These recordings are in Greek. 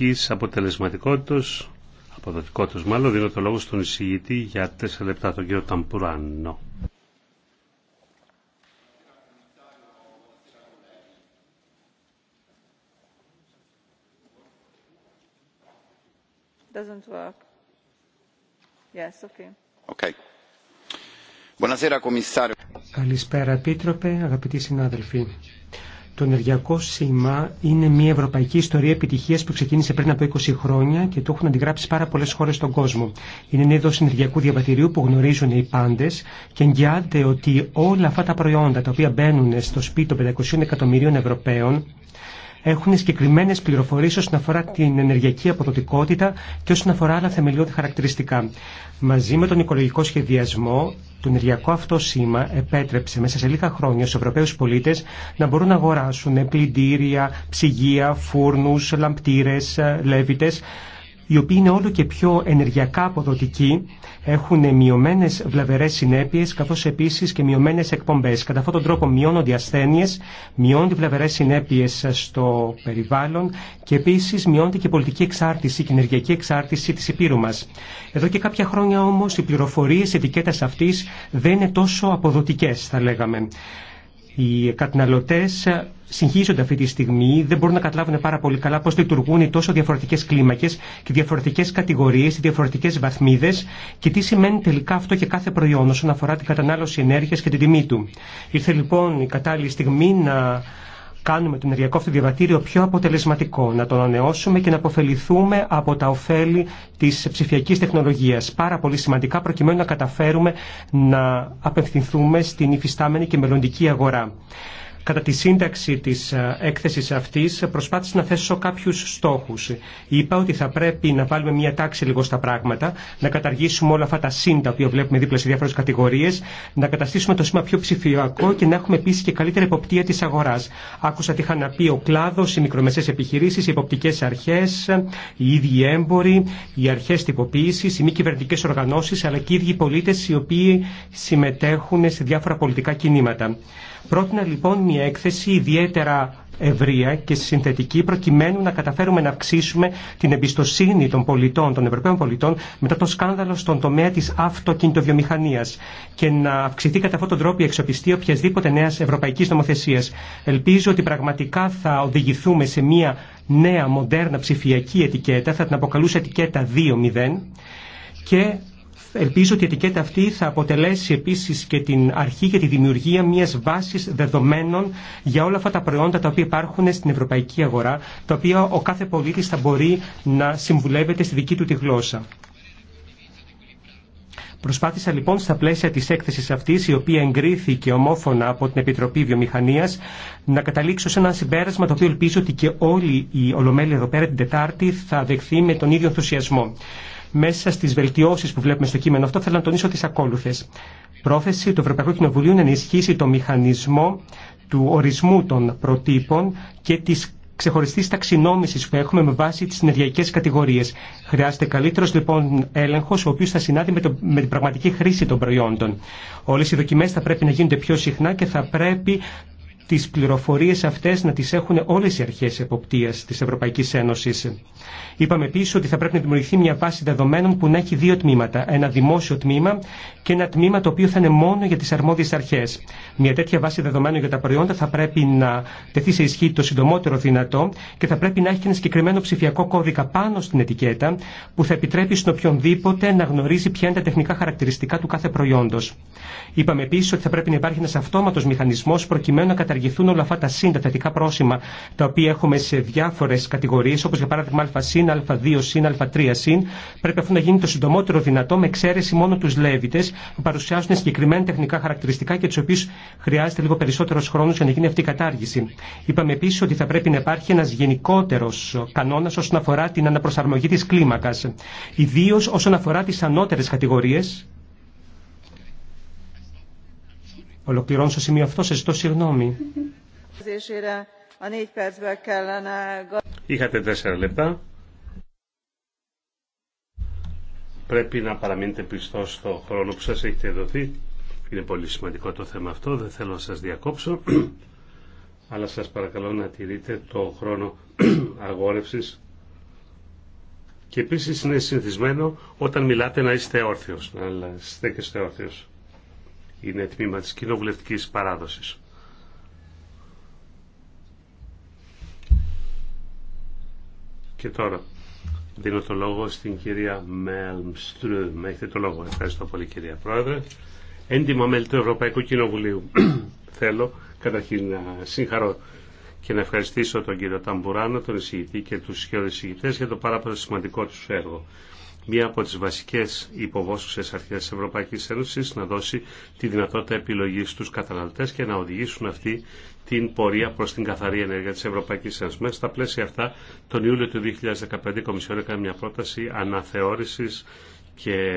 ενεργειακής αποτελεσματικότητας, αποδοτικότητας μάλλον, δίνω το λόγο στον εισηγητή για τέσσερα λεπτά, τον κύριο Ταμπουράνο. Doesn't work. Yes, okay. Okay. Καλησπέρα, Επίτροπε, αγαπητοί συνάδελφοι. Το ενεργειακό σήμα είναι μια ευρωπαϊκή ιστορία επιτυχία που ξεκίνησε πριν από 20 χρόνια και το έχουν αντιγράψει πάρα πολλέ χώρε στον κόσμο. Είναι ένα είδο ενεργειακού διαβατηρίου που γνωρίζουν οι πάντε και εγγυάται ότι όλα αυτά τα προϊόντα τα οποία μπαίνουν στο σπίτι των 500 εκατομμυρίων Ευρωπαίων έχουν συγκεκριμένε πληροφορίε όσον αφορά την ενεργειακή αποδοτικότητα και όσον αφορά άλλα θεμελιώδη χαρακτηριστικά. Μαζί με τον οικολογικό σχεδιασμό, το ενεργειακό αυτό σήμα επέτρεψε μέσα σε λίγα χρόνια στου Ευρωπαίου πολίτε να μπορούν να αγοράσουν πλυντήρια, ψυγεία, φούρνου, λαμπτήρε, ε, λέβητε οι οποίοι είναι όλο και πιο ενεργειακά αποδοτικοί, έχουν μειωμένε βλαβερέ συνέπειε, καθώ επίση και μειωμένε εκπομπέ. Κατά αυτόν τον τρόπο μειώνονται οι ασθένειε, μειώνονται οι βλαβερέ συνέπειε στο περιβάλλον και επίση μειώνεται και η πολιτική εξάρτηση και η ενεργειακή εξάρτηση τη υπήρου μα. Εδώ και κάποια χρόνια όμω οι πληροφορίε ετικέτα αυτή δεν είναι τόσο αποδοτικέ, θα λέγαμε. Οι καταναλωτέ συγχύσονται αυτή τη στιγμή, δεν μπορούν να καταλάβουν πάρα πολύ καλά πώ λειτουργούν οι τόσο διαφορετικέ κλίμακε και διαφορετικέ κατηγορίε, διαφορετικέ βαθμίδε και τι σημαίνει τελικά αυτό και κάθε προϊόν όσον αφορά την κατανάλωση ενέργεια και την τιμή του. Ήρθε λοιπόν η κατάλληλη στιγμή να κάνουμε τον ενεργειακό αυτό διαβατήριο πιο αποτελεσματικό, να τον ανανεώσουμε και να αποφεληθούμε από τα ωφέλη τη ψηφιακή τεχνολογία. Πάρα πολύ σημαντικά προκειμένου να καταφέρουμε να απευθυνθούμε στην υφιστάμενη και μελλοντική αγορά. Κατά τη σύνταξη της ε, έκθεσης αυτής ε, προσπάθησα να θέσω κάποιους στόχους. Είπα ότι θα πρέπει να βάλουμε μια τάξη λίγο στα πράγματα, να καταργήσουμε όλα αυτά τα σύντα που βλέπουμε δίπλα σε διάφορες κατηγορίες, να καταστήσουμε το σήμα πιο ψηφιακό και να έχουμε επίσης και καλύτερη εποπτεία της αγοράς. Άκουσα τι είχαν να πει ο κλάδος, οι μικρομεσαίες επιχειρήσεις, οι εποπτικές αρχές, οι ίδιοι έμποροι, οι αρχές τυποποίησης, οι μη κυβερνητικέ οργανώσεις, αλλά και οι ίδιοι πολίτες οι οποίοι συμμετέχουν σε διάφορα πολιτικά κινήματα. Πρότεινα λοιπόν μια έκθεση ιδιαίτερα ευρεία και συνθετική προκειμένου να καταφέρουμε να αυξήσουμε την εμπιστοσύνη των πολιτών, των Ευρωπαίων πολιτών μετά το σκάνδαλο στον τομέα της αυτοκινητοβιομηχανίας και να αυξηθεί κατά αυτόν τον τρόπο η εξοπιστή οποιασδήποτε νέας ευρωπαϊκής νομοθεσίας. Ελπίζω ότι πραγματικά θα οδηγηθούμε σε μια νέα μοντέρνα ψηφιακή ετικέτα, θα την αποκαλούσε ετικέτα 2.0 και Ελπίζω ότι η ετικέτα αυτή θα αποτελέσει επίση και την αρχή για τη δημιουργία μια βάση δεδομένων για όλα αυτά τα προϊόντα τα οποία υπάρχουν στην ευρωπαϊκή αγορά, τα οποία ο κάθε πολίτη θα μπορεί να συμβουλεύεται στη δική του τη γλώσσα. Προσπάθησα λοιπόν στα πλαίσια της έκθεσης αυτής, η οποία εγκρίθηκε ομόφωνα από την Επιτροπή Βιομηχανίας, να καταλήξω σε ένα συμπέρασμα το οποίο ελπίζω ότι και όλοι οι ολομέλοι εδώ πέρα την Τετάρτη θα δεχθεί με τον ίδιο ενθουσιασμό. Μέσα στι βελτιώσει που βλέπουμε στο κείμενο αυτό, θέλω να τονίσω τι ακόλουθε. Πρόθεση του Ευρωπαϊκού Κοινοβουλίου να ενισχύσει το μηχανισμό του ορισμού των προτύπων και της ξεχωριστή ταξινόμηση που έχουμε με βάση τι ενεργειακέ κατηγορίε. Χρειάζεται καλύτερο λοιπόν έλεγχο, ο οποίο θα συνάδει με, το, με την πραγματική χρήση των προϊόντων. Όλε οι δοκιμέ θα πρέπει να γίνονται πιο συχνά και θα πρέπει τις πληροφορίες αυτές να τις έχουν όλες οι αρχές εποπτείας της Ευρωπαϊκής Ένωσης. Είπαμε επίση ότι θα πρέπει να δημιουργηθεί μια βάση δεδομένων που να έχει δύο τμήματα. Ένα δημόσιο τμήμα και ένα τμήμα το οποίο θα είναι μόνο για τις αρμόδιες αρχές. Μια τέτοια βάση δεδομένων για τα προϊόντα θα πρέπει να τεθεί σε ισχύ το συντομότερο δυνατό και θα πρέπει να έχει ένα συγκεκριμένο ψηφιακό κώδικα πάνω στην ετικέτα που θα επιτρέπει στον οποιονδήποτε να γνωρίζει ποια είναι τα τεχνικά χαρακτηριστικά του κάθε προϊόντος. Είπαμε επίση ότι θα πρέπει να υπάρχει ένα αυτόματο μηχανισμό προκειμένου να καταργηθούν όλα αυτά τα θετικά πρόσημα τα οποία έχουμε σε διάφορε κατηγορίε, όπω για παράδειγμα α-συν, α2-συν, α3-συν, πρέπει αυτό να γίνει το συντομότερο δυνατό με εξαίρεση μόνο του λέβητε που παρουσιάζουν συγκεκριμένα τεχνικά χαρακτηριστικά και του οποίου χρειάζεται λίγο περισσότερο χρόνο για να γίνει αυτή η κατάργηση. Είπαμε επίση ότι θα πρέπει να υπάρχει ένα γενικότερο κανόνα όσον αφορά την αναπροσαρμογή τη κλίμακα, ιδίω όσον αφορά τι ανώτερε κατηγορίε Ολοκληρώνω στο σημείο αυτό, Σε ζητώ συγγνώμη. Είχατε τέσσερα λεπτά. Πρέπει να παραμείνετε πιστό στο χρόνο που σας έχετε δοθεί. Είναι πολύ σημαντικό το θέμα αυτό, δεν θέλω να σας διακόψω, αλλά σας παρακαλώ να τηρείτε το χρόνο αγόρευσης. Και επίσης είναι συνηθισμένο όταν μιλάτε να είστε όρθιος, να είστε είναι τμήμα της κοινοβουλευτικής παράδοσης. Και τώρα δίνω το λόγο στην κυρία Μέλμστρουμ. Έχετε το λόγο. Ευχαριστώ πολύ κυρία Πρόεδρε. Έντιμα μέλη του Ευρωπαϊκού Κοινοβουλίου. Θέλω καταρχήν να συγχαρώ και να ευχαριστήσω τον κύριο Ταμπουράνο, τον εισηγητή και τους ισχυροδησηγητές για το πάρα πολύ σημαντικό τους έργο μία από τις βασικές υποβόσκουσες αρχές της Ευρωπαϊκής Ένωσης να δώσει τη δυνατότητα επιλογής στους καταναλωτές και να οδηγήσουν αυτή την πορεία προς την καθαρή ενέργεια της Ευρωπαϊκής Ένωσης. Μέσα στα πλαίσια αυτά, τον Ιούλιο του 2015 η Κομισιόν έκανε μια πρόταση αναθεώρησης και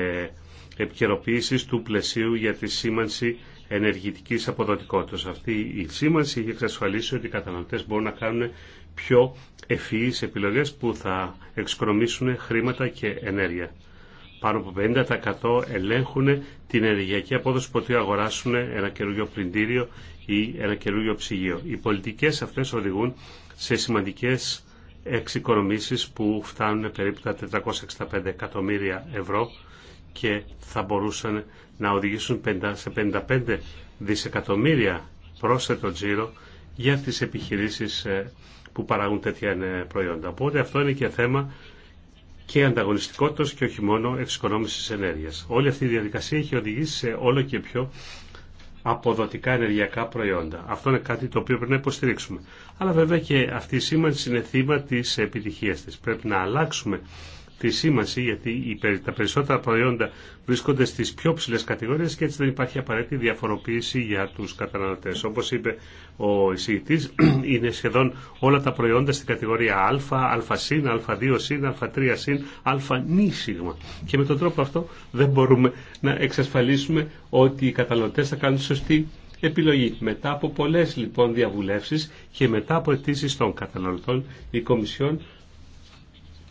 επικαιροποίησης του πλαισίου για τη σήμανση ενεργητικής αποδοτικότητας. Αυτή η σήμανση έχει εξασφαλίσει ότι οι καταναλωτές μπορούν να κάνουν πιο ευφυείς επιλογές που θα εξοικονομήσουν χρήματα και ενέργεια. Πάνω από 50% ελέγχουν την ενεργειακή απόδοση που αγοράσουν ένα καινούργιο πλυντήριο ή ένα καινούργιο ψυγείο. Οι πολιτικές αυτές οδηγούν σε σημαντικές εξοικονομήσεις που φτάνουν περίπου τα 465 εκατομμύρια ευρώ και θα μπορούσαν να οδηγήσουν σε 55 δισεκατομμύρια πρόσθετο τζίρο για τις επιχειρήσεις ε, που παράγουν τέτοια ε, προϊόντα. Οπότε αυτό είναι και θέμα και ανταγωνιστικότητα και όχι μόνο εξοικονόμησης ενέργειας. Όλη αυτή η διαδικασία έχει οδηγήσει σε όλο και πιο αποδοτικά ενεργειακά προϊόντα. Αυτό είναι κάτι το οποίο πρέπει να υποστηρίξουμε. Αλλά βέβαια και αυτή η σήμανση είναι θύμα τη επιτυχία τη. Πρέπει να αλλάξουμε τη σήμανση, γιατί τα περισσότερα προϊόντα βρίσκονται στις πιο ψηλέ κατηγορίες και έτσι δεν υπάρχει απαραίτητη διαφοροποίηση για τους καταναλωτές. Όπως είπε ο εισηγητής, είναι σχεδόν όλα τα προϊόντα στην κατηγορία α, α α2 σ α3 σ α νη σίγμα. Και με τον τρόπο αυτό δεν μπορούμε να εξασφαλίσουμε ότι οι καταναλωτές θα κάνουν σωστή επιλογή. Μετά από πολλές λοιπόν διαβουλεύσεις και μετά από αιτήσει των καταναλωτών, η Κομισιόν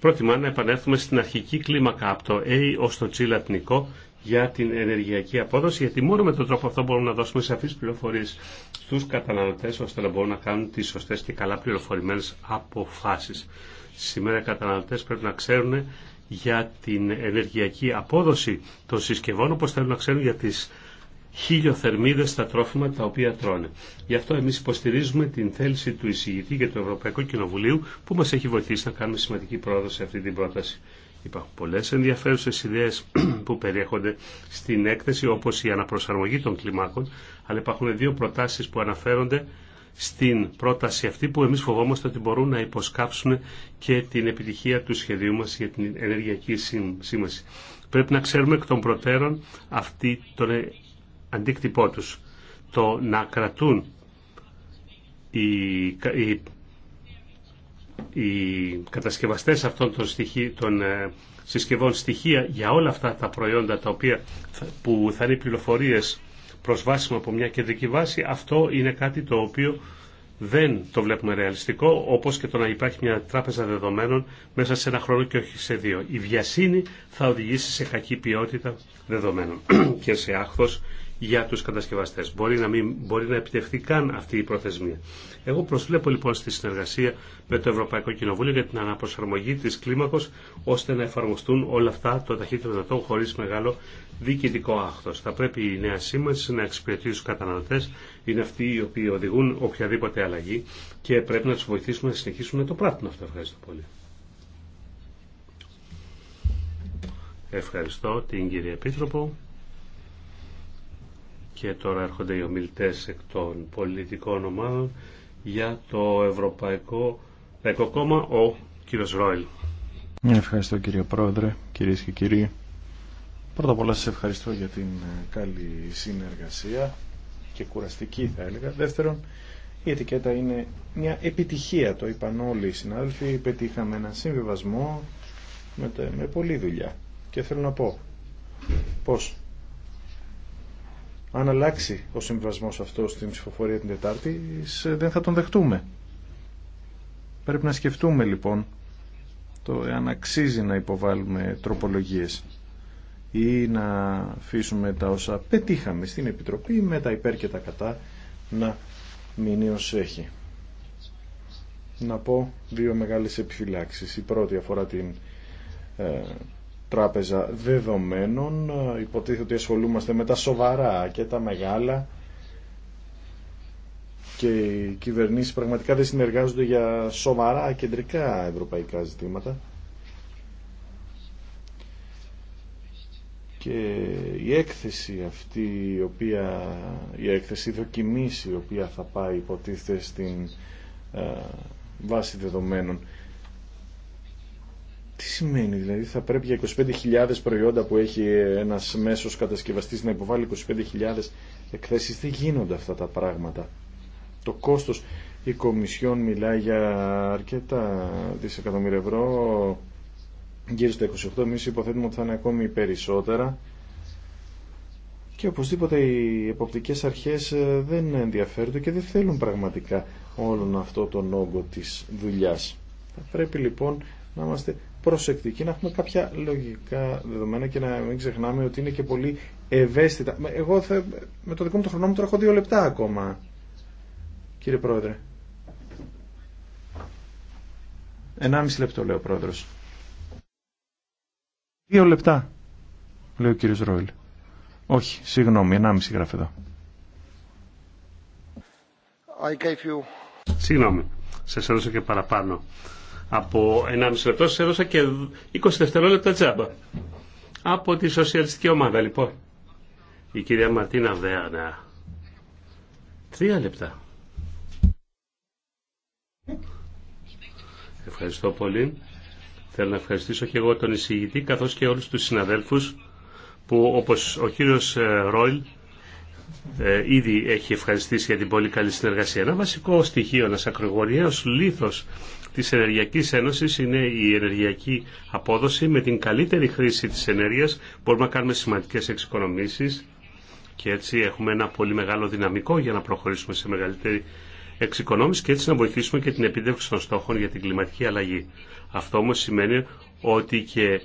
προτιμά να επανέλθουμε στην αρχική κλίμακα από το A ω το G λατινικό για την ενεργειακή απόδοση, γιατί μόνο με τον τρόπο αυτό μπορούμε να δώσουμε σαφείς πληροφορίε στους καταναλωτές, ώστε να μπορούν να κάνουν τις σωστές και καλά πληροφορημένε αποφάσεις. Σήμερα οι καταναλωτές πρέπει να ξέρουν για την ενεργειακή απόδοση των συσκευών, όπω θέλουν να ξέρουν για τις χίλιο θερμίδες στα τρόφιμα τα οποία τρώνε. Γι' αυτό εμείς υποστηρίζουμε την θέληση του εισηγητή και του Ευρωπαϊκού Κοινοβουλίου που μας έχει βοηθήσει να κάνουμε σημαντική πρόοδο σε αυτή την πρόταση. Υπάρχουν πολλές ενδιαφέρουσες ιδέες που περιέχονται στην έκθεση όπως η αναπροσαρμογή των κλιμάκων αλλά υπάρχουν δύο προτάσεις που αναφέρονται στην πρόταση αυτή που εμείς φοβόμαστε ότι μπορούν να υποσκάψουν και την επιτυχία του σχεδίου μας για την ενεργειακή σήμανση. Πρέπει να ξέρουμε εκ των προτέρων αυτή τον αντίκτυπό τους. Το να κρατούν οι, οι, οι κατασκευαστές αυτών των, των ε, συσκευών στοιχεία για όλα αυτά τα προϊόντα τα οποία, που θα είναι πληροφορίες προσβάσιμα από μια κεντρική βάση, αυτό είναι κάτι το οποίο δεν το βλέπουμε ρεαλιστικό, όπως και το να υπάρχει μια τράπεζα δεδομένων μέσα σε ένα χρόνο και όχι σε δύο. Η βιασύνη θα οδηγήσει σε κακή ποιότητα δεδομένων και σε άχθος για του κατασκευαστέ. Μπορεί να, μην, μπορεί να επιτευχθεί καν αυτή η προθεσμία. Εγώ προσβλέπω λοιπόν στη συνεργασία με το Ευρωπαϊκό Κοινοβούλιο για την αναπροσαρμογή τη κλίμακο ώστε να εφαρμοστούν όλα αυτά το ταχύτερο δυνατόν χωρί μεγάλο διοικητικό άχθο. Θα πρέπει η νέα σήμανση να εξυπηρετεί του καταναλωτέ. είναι αυτοί οι οποίοι οδηγούν οποιαδήποτε αλλαγή και πρέπει να του βοηθήσουμε να συνεχίσουν να το πράττουν αυτό. Ευχαριστώ πολύ. Ευχαριστώ την κυρία Επίτροπο. Και τώρα έρχονται οι ομιλητές εκ των πολιτικών ομάδων για το Ευρωπαϊκό Λαϊκό Κόμμα, ο κύριος Ρόιλ. Ευχαριστώ κύριε Πρόεδρε, κυρίε και κύριοι. Πρώτα απ' όλα σας ευχαριστώ για την ε, καλή συνεργασία και κουραστική θα έλεγα. Δεύτερον, η ετικέτα είναι μια επιτυχία, το είπαν όλοι οι συνάδελφοι. Πετύχαμε ένα συμβιβασμό με, με πολλή δουλειά. Και θέλω να πω πως αν αλλάξει ο συμβασμός αυτό στην ψηφοφορία την Τετάρτη, ε, δεν θα τον δεχτούμε. Πρέπει να σκεφτούμε λοιπόν το εάν αξίζει να υποβάλουμε τροπολογίες ή να αφήσουμε τα όσα πετύχαμε στην Επιτροπή με τα υπέρ και τα κατά να μείνει ως έχει. Να πω δύο μεγάλες επιφυλάξεις. Η πρώτη αφορά την ε, τράπεζα δεδομένων. Ε, υποτίθεται ότι ασχολούμαστε με τα σοβαρά και τα μεγάλα και οι κυβερνήσεις πραγματικά δεν συνεργάζονται για σοβαρά κεντρικά ευρωπαϊκά ζητήματα. και η έκθεση αυτή η οποία η έκθεση δοκιμής η οποία θα πάει υποτίθεται στην ε, βάση δεδομένων τι σημαίνει, δηλαδή θα πρέπει για 25.000 προϊόντα που έχει ένας μέσος κατασκευαστής να υποβάλει 25.000 εκθέσεις. Δεν γίνονται αυτά τα πράγματα. Το κόστος, η Κομισιόν μιλάει για αρκετά δισεκατομμύρια ευρώ, γύρω στα 28, εμείς υποθέτουμε ότι θα είναι ακόμη περισσότερα. Και οπωσδήποτε οι εποπτικές αρχές ε, δεν ενδιαφέρονται και δεν θέλουν πραγματικά όλον αυτό τον όγκο της δουλειάς. Θα πρέπει λοιπόν να είμαστε προσεκτικοί, να έχουμε κάποια λογικά δεδομένα και να μην ξεχνάμε ότι είναι και πολύ ευαίσθητα. Εγώ με το δικό μου το χρονόμετρο έχω δύο λεπτά ακόμα, κύριε Πρόεδρε. Ενάμιση λεπτό, λέει ο Πρόεδρος. Δύο λεπτά, λέει ο κύριος Ρόιλ. Όχι, συγγνώμη, ενάμιση γράφει εδώ. Συγγνώμη, σε έδωσα και παραπάνω από 1,5 λεπτό σας έδωσα και 20 δευτερόλεπτα τζάμπα. Από τη σοσιαλιστική ομάδα λοιπόν. Η κυρία Μαρτίνα Βέανα. Τρία λεπτά. Ευχαριστώ πολύ. Θέλω να ευχαριστήσω και εγώ τον εισηγητή καθώς και όλους τους συναδέλφους που όπως ο κύριος ε, Ρόιλ ε, ήδη έχει ευχαριστήσει για την πολύ καλή συνεργασία. Ένα βασικό στοιχείο, ένα ακρογωνιαίο λήθο τη Ενεργειακή Ένωση είναι η ενεργειακή απόδοση. Με την καλύτερη χρήση τη ενέργεια μπορούμε να κάνουμε σημαντικέ εξοικονομήσει και έτσι έχουμε ένα πολύ μεγάλο δυναμικό για να προχωρήσουμε σε μεγαλύτερη εξοικονόμηση και έτσι να βοηθήσουμε και την επίτευξη των στόχων για την κλιματική αλλαγή. Αυτό όμω σημαίνει ότι και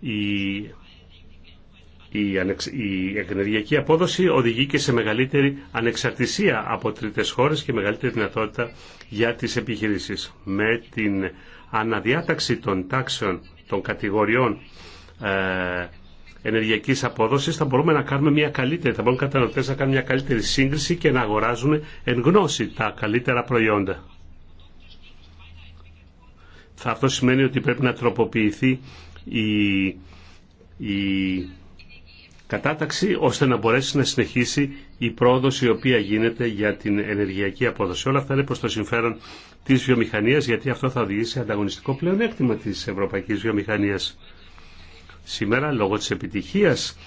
η η ενεργειακή απόδοση οδηγεί και σε μεγαλύτερη ανεξαρτησία από τρίτες χώρες και μεγαλύτερη δυνατότητα για τις επιχειρήσεις. Με την αναδιάταξη των τάξεων, των κατηγοριών ε, ενεργειακής απόδοσης θα μπορούμε να κάνουμε μια καλύτερη, θα μπορούν οι να κάνουν μια καλύτερη σύγκριση και να αγοράζουν εν γνώση τα καλύτερα προϊόντα. αυτό σημαίνει ότι πρέπει να τροποποιηθεί η, η κατάταξη ώστε να μπορέσει να συνεχίσει η πρόοδος η οποία γίνεται για την ενεργειακή απόδοση. Όλα αυτά είναι προς το συμφέρον της βιομηχανίας γιατί αυτό θα οδηγήσει ανταγωνιστικό πλεονέκτημα της ευρωπαϊκής βιομηχανίας. Σήμερα λόγω της επιτυχίας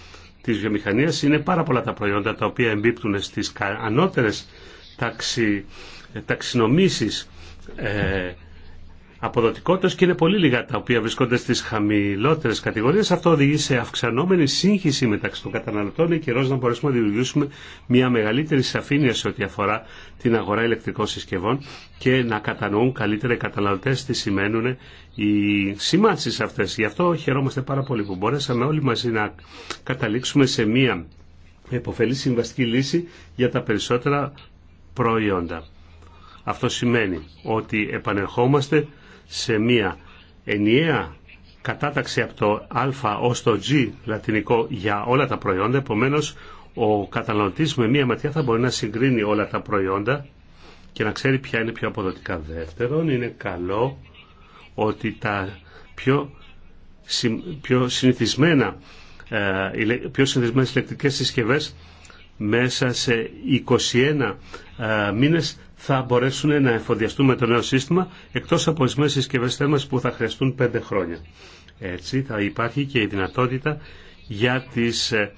της βιομηχανίας είναι πάρα πολλά τα προϊόντα τα οποία εμπίπτουν στις ανώτερες ταξι, ε, αποδοτικότητα και είναι πολύ λίγα τα οποία βρισκόνται στις χαμηλότερε κατηγορίε. Αυτό οδηγεί σε αυξανόμενη σύγχυση μεταξύ των καταναλωτών. Είναι καιρό να μπορέσουμε να δημιουργήσουμε μια μεγαλύτερη σαφήνεια σε ό,τι αφορά την αγορά ηλεκτρικών συσκευών και να κατανοούν καλύτερα οι καταναλωτέ τι σημαίνουν οι σημάσει αυτέ. Γι' αυτό χαιρόμαστε πάρα πολύ που μπορέσαμε όλοι μαζί να καταλήξουμε σε μια εποφελή συμβαστική λύση για τα περισσότερα προϊόντα. Αυτό σημαίνει ότι επανερχόμαστε σε μια ενιαία κατάταξη από το α ως το g λατινικό για όλα τα προϊόντα. Επομένω ο καταναλωτής με μία ματιά θα μπορεί να συγκρίνει όλα τα προϊόντα και να ξέρει ποια είναι πιο αποδοτικά. Δεύτερον, είναι καλό ότι τα πιο, πιο συνηθισμένα ε, πιο συνδυσμένες ηλεκτρικές συσκευές μέσα σε 21 ε, μήνες θα μπορέσουν να εφοδιαστούν με το νέο σύστημα, εκτός από ορισμένε συσκευέ θέμας που θα χρειαστούν πέντε χρόνια. Έτσι θα υπάρχει και η δυνατότητα για τις ε,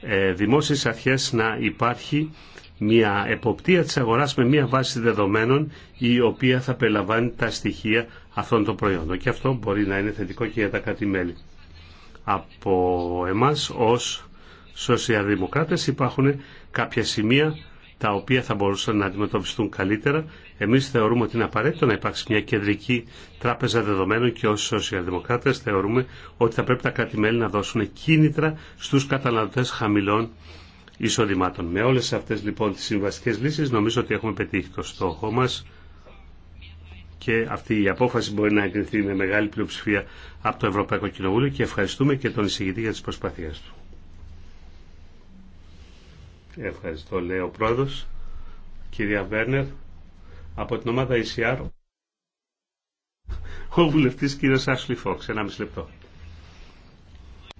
ε, δημόσιες αρχές να υπάρχει μια εποπτεία της αγοράς με μια βάση δεδομένων η οποία θα περιλαμβάνει τα στοιχεία αυτών των προϊόντων. Και αυτό μπορεί να είναι θετικό και για τα κράτη-μέλη. Από εμάς ως σοσιαδημοκράτες υπάρχουν κάποια σημεία τα οποία θα μπορούσαν να αντιμετωπιστούν καλύτερα. Εμεί θεωρούμε ότι είναι απαραίτητο να υπάρξει μια κεντρική τράπεζα δεδομένων και όσοι Σοσιαλδημοκράτε θεωρούμε ότι θα πρέπει τα κράτη-μέλη να δώσουν κίνητρα στου καταναλωτέ χαμηλών εισοδημάτων. Με όλε αυτέ λοιπόν τι συμβαστικές λύσει, νομίζω ότι έχουμε πετύχει το στόχο μα και αυτή η απόφαση μπορεί να εγκριθεί με μεγάλη πλειοψηφία από το Ευρωπαϊκό Κοινοβούλιο και ευχαριστούμε και τον εισηγητή για τι προσπάθειές του. Ευχαριστώ, λέει ο πρόεδρο. Κυρία Βέρνερ, από την ομάδα ECR, ο βουλευτή κύριο Άσλι Φόξ. Ένα μισή λεπτό.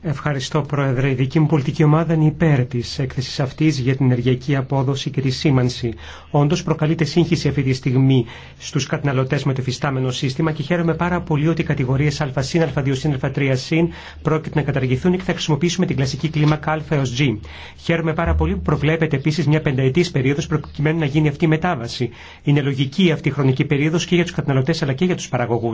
Ευχαριστώ, Πρόεδρε. Η δική μου πολιτική ομάδα είναι υπέρ τη έκθεση αυτή για την ενεργειακή απόδοση και τη σήμανση. Όντω, προκαλείται σύγχυση αυτή τη στιγμή στου καταναλωτέ με το φυστάμενο σύστημα και χαίρομαι πάρα πολύ ότι οι κατηγορίε ΑΣΥΝ, α 2 α προκειται να καταργηθούν και θα χρησιμοποιήσουμε την κλασική κλίμακα Α έω G. Χαίρομαι πάρα πολύ που προβλέπεται επίση μια πενταετή περίοδο προκειμένου να γίνει αυτή η μετάβαση. Είναι λογική αυτή η χρονική περίοδο και για του καταναλωτέ αλλά και για του παραγωγού.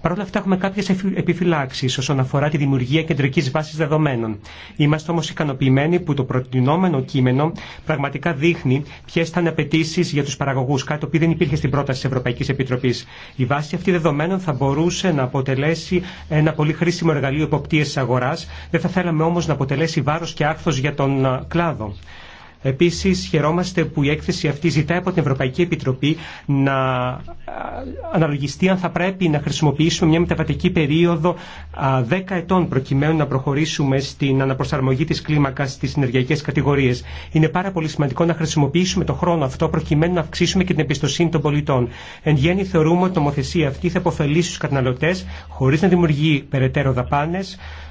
Παρ' αυτά, έχουμε κάποιε επιφυλάξει όσον αφορά τη δημιουργία κεντρική τις δεδομένων. Είμαστε όμως ικανοποιημένοι που το προτινόμενο κείμενο πραγματικά δείχνει ποιε ήταν απαιτήσει για τους παραγωγούς, κάτι που δεν υπήρχε στην πρόταση της Ευρωπαϊκής Επιτροπής. Η βάση αυτή δεδομένων θα μπορούσε να αποτελέσει ένα πολύ χρήσιμο εργαλείο υποπτήρες αγοράς, δεν θα θέλαμε όμως να αποτελέσει βάρος και άρθος για τον ε, κλάδο. Επίση, χαιρόμαστε που η έκθεση αυτή ζητάει από την Ευρωπαϊκή Επιτροπή να αναλογιστεί αν θα πρέπει να χρησιμοποιήσουμε μια μεταβατική περίοδο 10 ετών προκειμένου να προχωρήσουμε στην αναπροσαρμογή τη κλίμακα στι ενεργειακέ κατηγορίε. Είναι πάρα πολύ σημαντικό να χρησιμοποιήσουμε το χρόνο αυτό προκειμένου να αυξήσουμε και την εμπιστοσύνη των πολιτών. Εν γέννη, θεωρούμε ότι η νομοθεσία αυτή θα υποφελήσει του καταναλωτέ χωρί να δημιουργεί περαιτέρω δαπάνε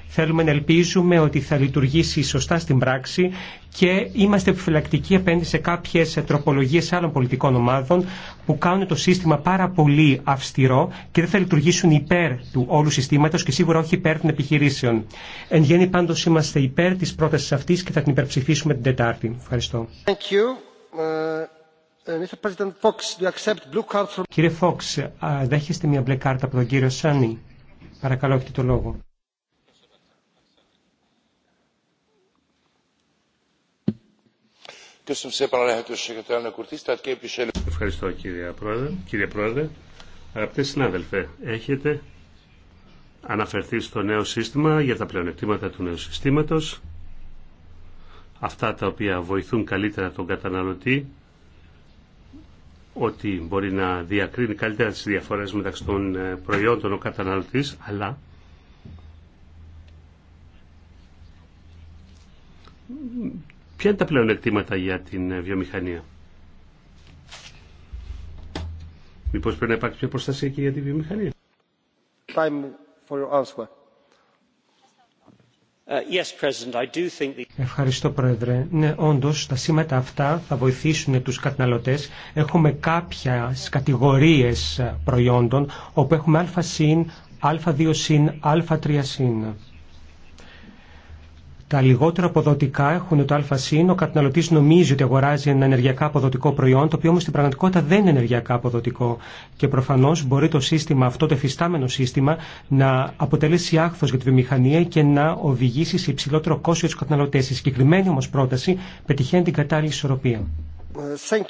Θέλουμε να ελπίζουμε ότι θα λειτουργήσει σωστά στην πράξη και είμαστε επιφυλακτικοί απέναντι σε κάποιε τροπολογίε άλλων πολιτικών ομάδων που κάνουν το σύστημα πάρα πολύ αυστηρό και δεν θα λειτουργήσουν υπέρ του όλου συστήματο και σίγουρα όχι υπέρ των επιχειρήσεων. Εν γέννη πάντω είμαστε υπέρ τη πρόταση αυτή και θα την υπερψηφίσουμε την Τετάρτη. Ευχαριστώ. Κύριε Φόξ, δέχεστε μια μπλε κάρτα από τον κύριο Σάνι. Παρακαλώ, έχετε το λόγο. Ευχαριστώ κύριε Πρόεδρε. Κύριε Πρόεδρε, αγαπητέ συνάδελφε, έχετε αναφερθεί στο νέο σύστημα για τα πλεονεκτήματα του νέου συστήματος, αυτά τα οποία βοηθούν καλύτερα τον καταναλωτή, ότι μπορεί να διακρίνει καλύτερα τις διαφορές μεταξύ των ε, προϊόντων ο καταναλωτής, αλλά Ποια είναι τα πλεονεκτήματα για την ε, βιομηχανία. Μήπως πρέπει να υπάρχει μια προστασία και για τη βιομηχανία. Uh, Ευχαριστώ Πρόεδρε. Ναι, όντως τα σήματα αυτά θα βοηθήσουν τους καταναλωτές. Έχουμε κάποιες κατηγορίες ε, προϊόντων όπου έχουμε α συν, α2 συν, α3 συν τα λιγότερα αποδοτικά έχουν το ΑΣ. Ο καταναλωτή νομίζει ότι αγοράζει ένα ενεργειακά αποδοτικό προϊόν, το οποίο όμω στην πραγματικότητα δεν είναι ενεργειακά αποδοτικό. Και προφανώ μπορεί το σύστημα αυτό, το εφιστάμενο σύστημα, να αποτελέσει άχθο για τη βιομηχανία και να οδηγήσει σε υψηλότερο κόστο για του καταναλωτέ. Η συγκεκριμένη όμω πρόταση πετυχαίνει την κατάλληλη ισορροπία. Thank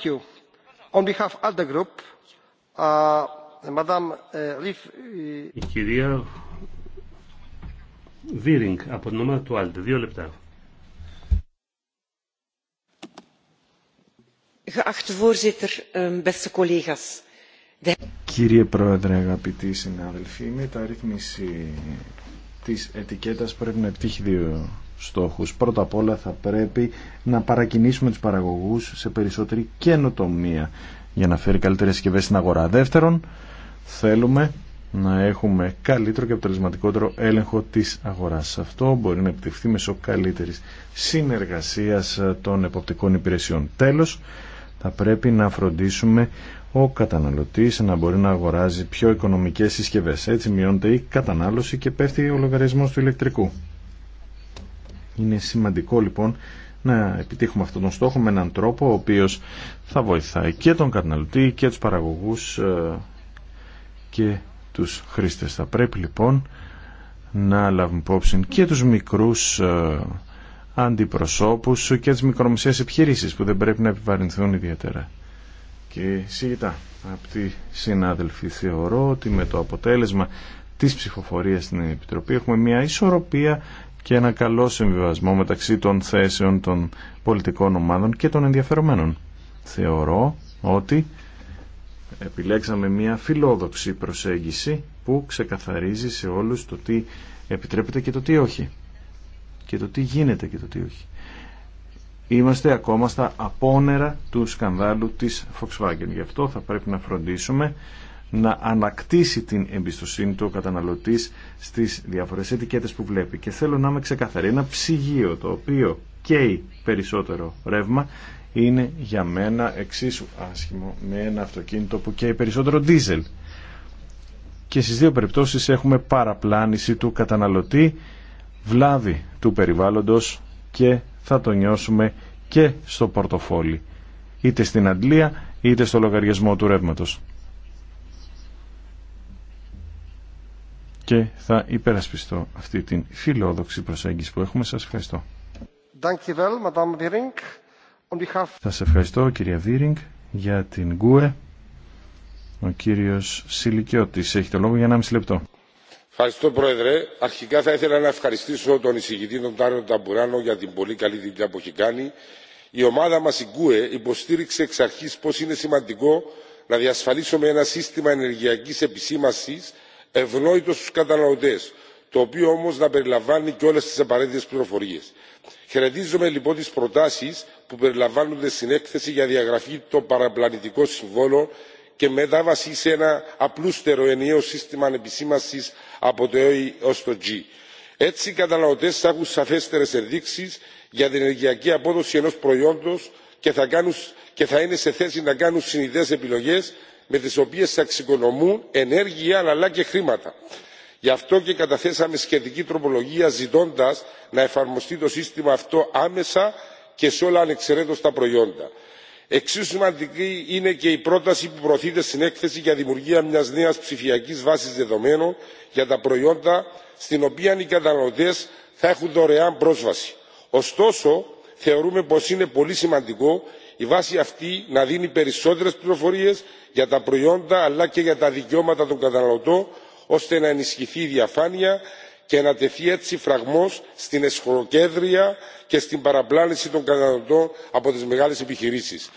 Βίρινγκ από την ομάδα του Δύο λεπτά. Ehm, Κύριε Πρόεδρε, αγαπητοί συνάδελφοι, η μεταρρύθμιση της ετικέτας πρέπει να επιτύχει δύο στόχους. Πρώτα απ' όλα θα πρέπει να παρακινήσουμε τους παραγωγούς σε περισσότερη καινοτομία για να φέρει καλύτερες συσκευές στην αγορά. Δεύτερον, θέλουμε να έχουμε καλύτερο και αποτελεσματικότερο έλεγχο της αγοράς. Αυτό μπορεί να επιτευχθεί μέσω καλύτερης συνεργασίας ε, των εποπτικών υπηρεσιών. Τέλος, θα πρέπει να φροντίσουμε ο καταναλωτής να μπορεί να αγοράζει πιο οικονομικές συσκευές. Έτσι μειώνεται η κατανάλωση και πέφτει ο λογαριασμός του ηλεκτρικού. Είναι σημαντικό λοιπόν να επιτύχουμε αυτόν τον στόχο με έναν τρόπο ο οποίος θα βοηθάει και τον καταναλωτή και τους παραγωγούς ε, και τους χρήστες. Θα πρέπει λοιπόν να λάβουν υπόψη και τους μικρούς ε, αντιπροσώπους και τις μικρομεσαίες επιχειρήσεις που δεν πρέπει να επιβαρυνθούν ιδιαίτερα. Και από αυτοί συνάδελφοι θεωρώ ότι με το αποτέλεσμα της ψηφοφορίας στην Επιτροπή έχουμε μια ισορροπία και ένα καλό συμβιβασμό μεταξύ των θέσεων των πολιτικών ομάδων και των ενδιαφερομένων. Θεωρώ ότι επιλέξαμε μια φιλόδοξη προσέγγιση που ξεκαθαρίζει σε όλους το τι επιτρέπεται και το τι όχι. Και το τι γίνεται και το τι όχι. Είμαστε ακόμα στα απόνερα του σκανδάλου της Volkswagen. Γι' αυτό θα πρέπει να φροντίσουμε να ανακτήσει την εμπιστοσύνη του ο καταναλωτής στις διάφορες ετικέτες που βλέπει. Και θέλω να είμαι ξεκαθαρή, ένα ψυγείο το οποίο καίει περισσότερο ρεύμα είναι για μένα εξίσου άσχημο με ένα αυτοκίνητο που καίει περισσότερο δίζελ. Και στις δύο περιπτώσεις έχουμε παραπλάνηση του καταναλωτή, βλάβη του περιβάλλοντος και θα το νιώσουμε και στο πορτοφόλι, είτε στην αντλία είτε στο λογαριασμό του ρεύματος. και θα υπερασπιστώ αυτή την φιλόδοξη προσέγγιση που έχουμε. Σας ευχαριστώ. Σας ευχαριστώ κυρία Βίρινγκ για την Γκουε. Ο κύριος Σιλικιώτης έχει το λόγο για 1,5 λεπτό. Ευχαριστώ Πρόεδρε. Αρχικά θα ήθελα να ευχαριστήσω τον εισηγητή τον Τάριο Ταμπουράνο για την πολύ καλή δουλειά που έχει κάνει. Η ομάδα μας η ΚΟΥΕ υποστήριξε εξ αρχής πως είναι σημαντικό να διασφαλίσουμε ένα σύστημα ενεργειακής επισήμασης ευνόητο στους καταναλωτές το οποίο όμω να περιλαμβάνει και όλε τι απαραίτητε πληροφορίε. Χαιρετίζομαι λοιπόν τι προτάσει που περιλαμβάνονται στην έκθεση για διαγραφή των παραπλανητικών συμβόλων και μετάβαση σε ένα απλούστερο ενιαίο σύστημα ανεπισήμανση από το A ε ως το g. έτσι οι καταναλωτέ θα έχουν σαφέστερε ενδείξει για την ενεργειακή απόδοση ενό προϊόντο και θα, είναι σε θέση να κάνουν συνειδητέ επιλογέ με τι οποίε θα εξοικονομούν ενέργεια αλλά και χρήματα γι' αυτό και καταθέσαμε σχετική τροπολογία ζητώντας να εφαρμοστεί το σύστημα αυτό άμεσα και σε όλα ανεξαιρέτως τα προϊόντα. εξίσου σημαντική είναι και η πρόταση που προωθείται στην έκθεση για δημιουργία μιας νέας ψηφιακής βάσης δεδομένων για τα προϊόντα στην οποία οι καταναλωτές θα έχουν δωρεάν πρόσβαση. ωστόσο θεωρούμε πως είναι πολύ σημαντικό η βάση αυτή να δίνει περισσότερες πληροφορίες για τα προϊόντα αλλά και για τα δικαιώματα των καταναλωτών ώστε να ενισχυθεί η διαφάνεια και να τεθεί έτσι φραγμός στην εσχροκέδρια και στην παραπλάνηση των καταναλωτών από τις μεγάλες επιχειρήσεις.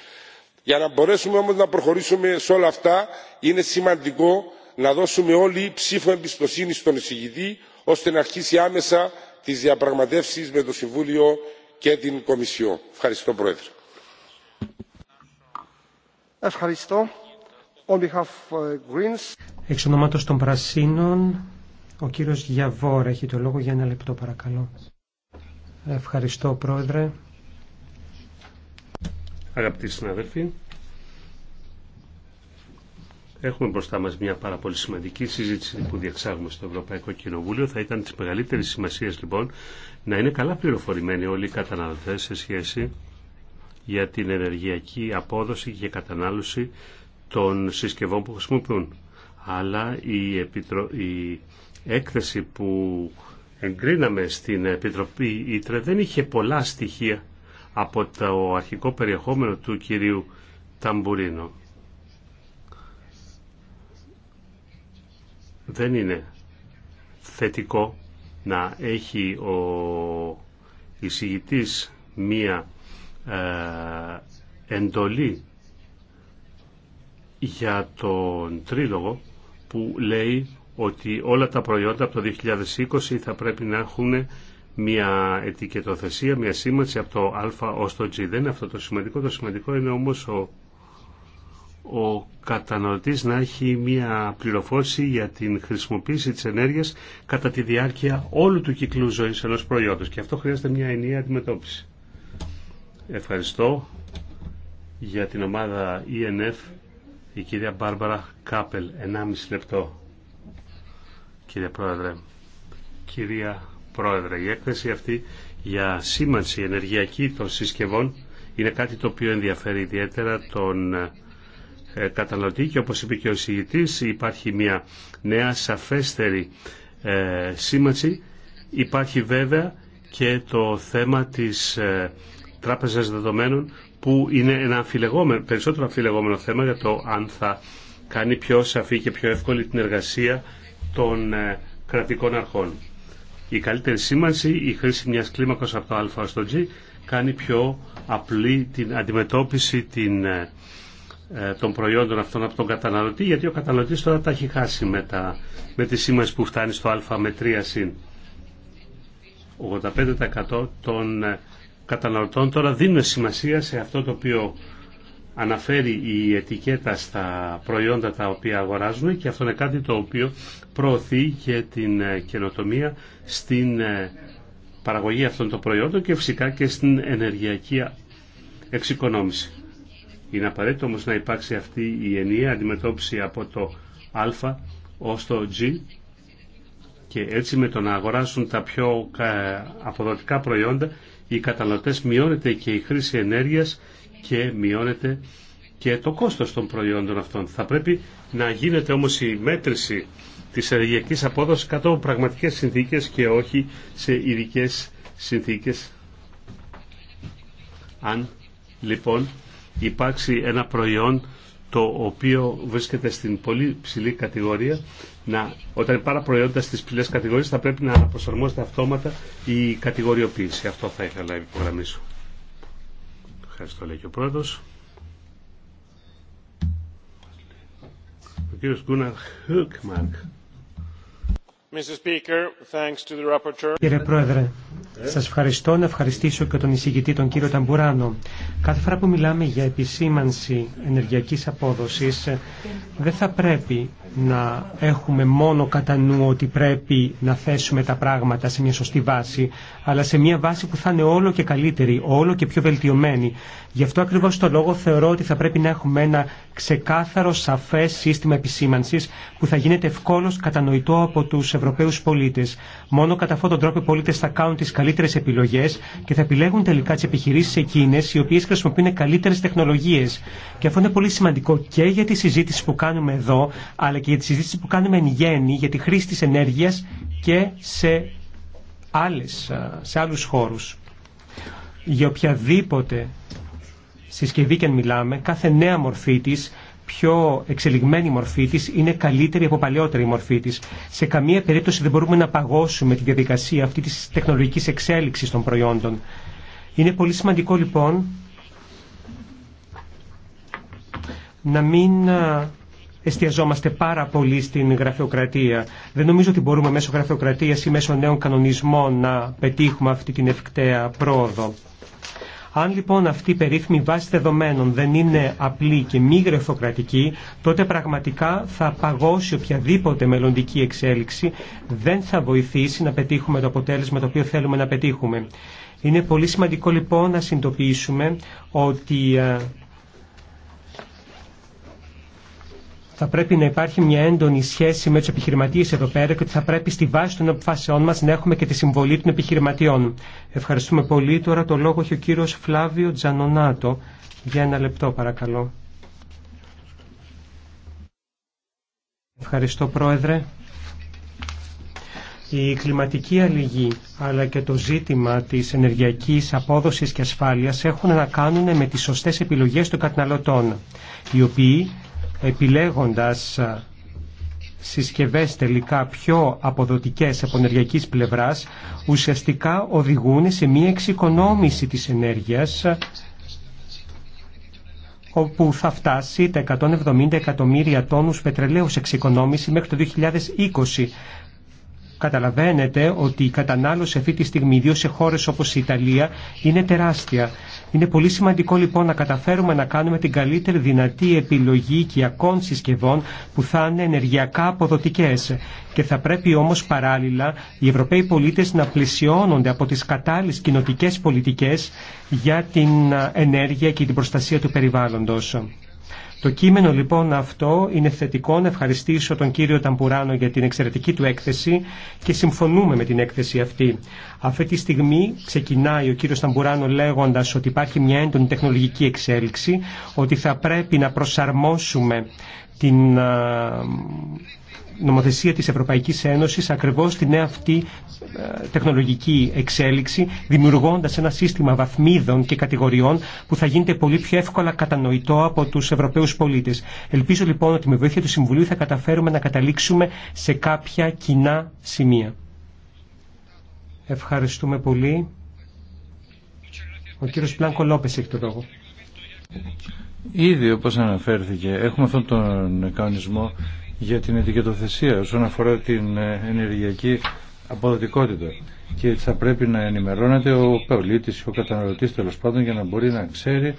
Για να μπορέσουμε όμως να προχωρήσουμε σε όλα αυτά είναι σημαντικό να δώσουμε όλοι ψήφο εμπιστοσύνη στον εισηγητή ώστε να αρχίσει άμεσα τις διαπραγματεύσεις με το Συμβούλιο και την Κομισιό. Ευχαριστώ Πρόεδρε. Ευχαριστώ. Uh, Εξ ονόματος των Πρασίνων, ο κύριος Γιαβόρ έχει το λόγο για ένα λεπτό παρακαλώ. Ευχαριστώ πρόεδρε. Αγαπητοί συναδελφοί, έχουμε μπροστά μας μια πάρα πολύ σημαντική συζήτηση που διεξάγουμε στο Ευρωπαϊκό Κοινοβούλιο. Θα ήταν της μεγαλύτερης σημασίας λοιπόν να είναι καλά πληροφορημένοι όλοι οι καταναλωτές σε σχέση για την ενεργειακή απόδοση και κατανάλωση των συσκευών που χρησιμοποιούν. Αλλά η, επιτρο... η έκθεση που εγκρίναμε στην Επιτροπή Ήτρε δεν είχε πολλά στοιχεία από το αρχικό περιεχόμενο του κυρίου Ταμπουρίνο. Δεν είναι θετικό να έχει ο εισηγητής μία ε, εντολή για τον τρίλογο που λέει ότι όλα τα προϊόντα από το 2020 θα πρέπει να έχουν μια ετικετοθεσία, μια σήμανση από το α ως το g. Δεν είναι αυτό το σημαντικό. Το σημαντικό είναι όμως ο, ο κατανοητής να έχει μια πληροφόρηση για την χρησιμοποίηση της ενέργειας κατά τη διάρκεια όλου του κύκλου ζωής ενός προϊόντος. Και αυτό χρειάζεται μια ενιαία αντιμετώπιση. Ευχαριστώ για την ομάδα ENF η κυρία Μπάρμπαρα Κάπελ, 1,5 λεπτό. Κύριε Πρόεδρε, κυρία Πρόεδρε, η έκθεση αυτή για σήμανση ενεργειακή των συσκευών είναι κάτι το οποίο ενδιαφέρει ιδιαίτερα τον ε, καταναλωτή και όπως είπε και ο συγητής υπάρχει μια νέα σαφέστερη ε, σήμανση. Υπάρχει βέβαια και το θέμα της ε, Τράπεζας Δεδομένων που είναι ένα αμφιλεγόμενο, περισσότερο αμφιλεγόμενο θέμα για το αν θα κάνει πιο σαφή και πιο εύκολη την εργασία των ε, κρατικών αρχών. Η καλύτερη σήμανση, η χρήση μιας κλίμακος από το α στο g, κάνει πιο απλή την αντιμετώπιση την, ε, ε, των προϊόντων αυτών από τον καταναλωτή, γιατί ο καταναλωτής τώρα τα έχει χάσει με, με τη σήμανση που φτάνει στο α με 3 συν. 85% των καταναλωτών τώρα δίνουν σημασία σε αυτό το οποίο αναφέρει η ετικέτα στα προϊόντα τα οποία αγοράζουν και αυτό είναι κάτι το οποίο προωθεί και την ε, καινοτομία στην ε, παραγωγή αυτών των προϊόντων και φυσικά και στην ενεργειακή εξοικονόμηση. Είναι απαραίτητο όμως να υπάρξει αυτή η ενία αντιμετώπιση από το α ως το g και έτσι με το να αγοράσουν τα πιο αποδοτικά προϊόντα οι καταναλωτές μειώνεται και η χρήση ενέργειας και μειώνεται και το κόστος των προϊόντων αυτών. Θα πρέπει να γίνεται όμως η μέτρηση της ενεργειακής απόδοσης κατά πραγματικές συνθήκες και όχι σε ειδικέ συνθήκες. Αν λοιπόν υπάρξει ένα προϊόν το οποίο βρίσκεται στην πολύ ψηλή κατηγορία, να, όταν πάρα προϊόντα στις ψηλές κατηγορίες θα πρέπει να προσαρμόζεται αυτόματα η κατηγοριοποίηση. Αυτό θα ήθελα να υπογραμμίσω. Ευχαριστώ λέει και ο πρόεδρος. Ο κύριος Γκούναρ Χουκμαρκ. Κύριε Πρόεδρε, σα ευχαριστώ να ευχαριστήσω και τον εισηγητή τον κύριο Ταμπουράνο. Κάθε φορά που μιλάμε για επισήμανση ενεργειακή απόδοση, δεν θα πρέπει να έχουμε μόνο κατά νου ότι πρέπει να θέσουμε τα πράγματα σε μια σωστή βάση αλλά σε μια βάση που θα είναι όλο και καλύτερη, όλο και πιο βελτιωμένη. Γι' αυτό ακριβώ το λόγο θεωρώ ότι θα πρέπει να έχουμε ένα ξεκάθαρο, σαφέ σύστημα επισήμανση που θα γίνεται ευκόλω κατανοητό από τους Ευρωπαίους πολίτες. Μόνο κατά αυτόν τον τρόπο οι πολίτες θα κάνουν τις καλύτερες επιλογές και θα επιλέγουν τελικά τις επιχειρήσεις εκείνες οι οποίες χρησιμοποιούν καλύτερες τεχνολογίες. Και αυτό είναι πολύ σημαντικό και για τη συζήτηση που κάνουμε εδώ, αλλά και για τη συζήτηση που κάνουμε εν γέννη για τη χρήση της ενέργειας και σε, άλλες, σε άλλους χώρους. Για οποιαδήποτε συσκευή και αν μιλάμε, κάθε νέα μορφή της πιο εξελιγμένη μορφή της είναι καλύτερη από παλαιότερη μορφή της. Σε καμία περίπτωση δεν μπορούμε να παγώσουμε τη διαδικασία αυτή της τεχνολογικής εξέλιξης των προϊόντων. Είναι πολύ σημαντικό λοιπόν να μην εστιαζόμαστε πάρα πολύ στην γραφειοκρατία. Δεν νομίζω ότι μπορούμε μέσω γραφειοκρατίας ή μέσω νέων κανονισμών να πετύχουμε αυτή την ευκταία πρόοδο. Αν λοιπόν αυτή η περίφημη βάση δεδομένων δεν είναι απλή και μη γρεφοκρατική, τότε πραγματικά θα παγώσει οποιαδήποτε μελλοντική εξέλιξη, δεν θα βοηθήσει να πετύχουμε το αποτέλεσμα το οποίο θέλουμε να πετύχουμε. Είναι πολύ σημαντικό λοιπόν να συνειδητοποιήσουμε ότι ε, θα πρέπει να υπάρχει μια έντονη σχέση με του επιχειρηματίε εδώ πέρα και ότι θα πρέπει στη βάση των αποφάσεών μα να έχουμε και τη συμβολή των επιχειρηματιών. Ευχαριστούμε πολύ. Τώρα το λόγο έχει ο κύριο Φλάβιο Τζανονάτο. Για ένα λεπτό παρακαλώ. Ευχαριστώ Πρόεδρε. Η κλιματική αλληλή αλλά και το ζήτημα της ενεργειακής απόδοσης και ασφάλειας έχουν να κάνουν με τις σωστές επιλογές των καταναλωτών, οι οποίοι επιλέγοντας συσκευές τελικά πιο αποδοτικές από ενεργειακής πλευράς ουσιαστικά οδηγούν σε μια εξοικονόμηση της ενέργειας όπου θα φτάσει τα 170 εκατομμύρια τόνους πετρελαίου σε εξοικονόμηση μέχρι το 2020. Καταλαβαίνετε ότι η κατανάλωση αυτή τη στιγμή, ιδίω σε χώρε όπω η Ιταλία, είναι τεράστια. Είναι πολύ σημαντικό λοιπόν να καταφέρουμε να κάνουμε την καλύτερη δυνατή επιλογή οικιακών συσκευών που θα είναι ενεργειακά αποδοτικέ. Και θα πρέπει όμω παράλληλα οι Ευρωπαίοι πολίτε να πλησιώνονται από τι κατάλληλε κοινοτικέ πολιτικέ για την ενέργεια και την προστασία του περιβάλλοντο. Το κείμενο λοιπόν αυτό είναι θετικό. Να ευχαριστήσω τον κύριο Ταμπουράνο για την εξαιρετική του έκθεση και συμφωνούμε με την έκθεση αυτή. Αυτή τη στιγμή ξεκινάει ο κύριος Ταμπουράνο λέγοντας ότι υπάρχει μια έντονη τεχνολογική εξέλιξη, ότι θα πρέπει να προσαρμόσουμε την νομοθεσία της Ευρωπαϊκής Ένωσης ακριβώς την νέα αυτή ε, τεχνολογική εξέλιξη, δημιουργώντας ένα σύστημα βαθμίδων και κατηγοριών που θα γίνεται πολύ πιο εύκολα κατανοητό από τους Ευρωπαίους πολίτες. Ελπίζω λοιπόν ότι με βοήθεια του Συμβουλίου θα καταφέρουμε να καταλήξουμε σε κάποια κοινά σημεία. Ευχαριστούμε πολύ. Ο κύριος Πλάνκο Λόπες έχει το λόγο. Ήδη όπως αναφέρθηκε έχουμε αυτόν τον κανονισμό για την ετικετοθεσία όσον αφορά την ε, ενεργειακή αποδοτικότητα. Και θα πρέπει να ενημερώνεται ο πεολίτη ή ο καταναλωτή τέλο πάντων για να μπορεί να ξέρει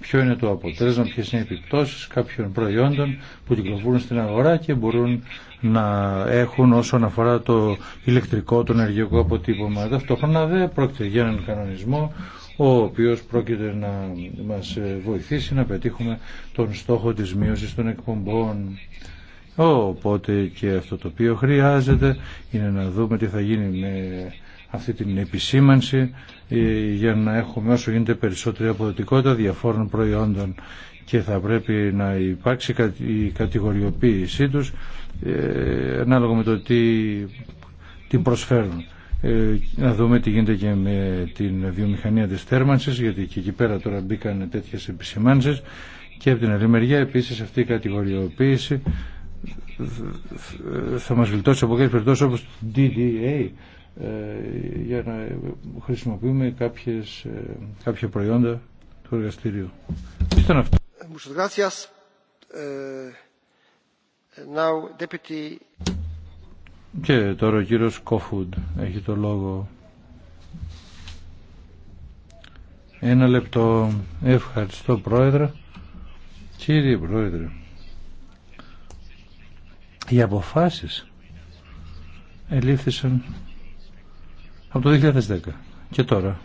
ποιο είναι το αποτέλεσμα, ποιε είναι οι επιπτώσει κάποιων προϊόντων που κυκλοφορούν στην αγορά και μπορούν να έχουν όσον αφορά το ηλεκτρικό, το ενεργειακό αποτύπωμα. Ταυτόχρονα δεν πρόκειται για έναν κανονισμό ο οποίος πρόκειται να μας βοηθήσει να πετύχουμε τον στόχο της μείωσης των εκπομπών. Οπότε και αυτό το οποίο χρειάζεται είναι να δούμε τι θα γίνει με αυτή την επισήμανση ε, για να έχουμε όσο γίνεται περισσότερη αποδοτικότητα διαφόρων προϊόντων και θα πρέπει να υπάρξει η κατηγοριοποίησή τους ε, ανάλογα με το τι, τι προσφέρουν. Ε, να δούμε τι γίνεται και με την βιομηχανία της θέρμανσης γιατί και εκεί πέρα τώρα μπήκαν τέτοιες επισημάνσεις και από την άλλη μεριά επίσης αυτή η κατηγοριοποίηση θα μας γλιτώσει από κάποιες περιπτώσεις όπως DDA ε, για να χρησιμοποιούμε κάποιες, ε, κάποια προϊόντα του εργαστηρίου. Τι ήταν αυτό. Ε, Και τώρα ο κύριος Κόφουντ έχει το λόγο. Ένα λεπτό. Ευχαριστώ πρόεδρε. Κύριε πρόεδρε. Οι αποφάσεις ελήφθησαν από το 2010 και τώρα.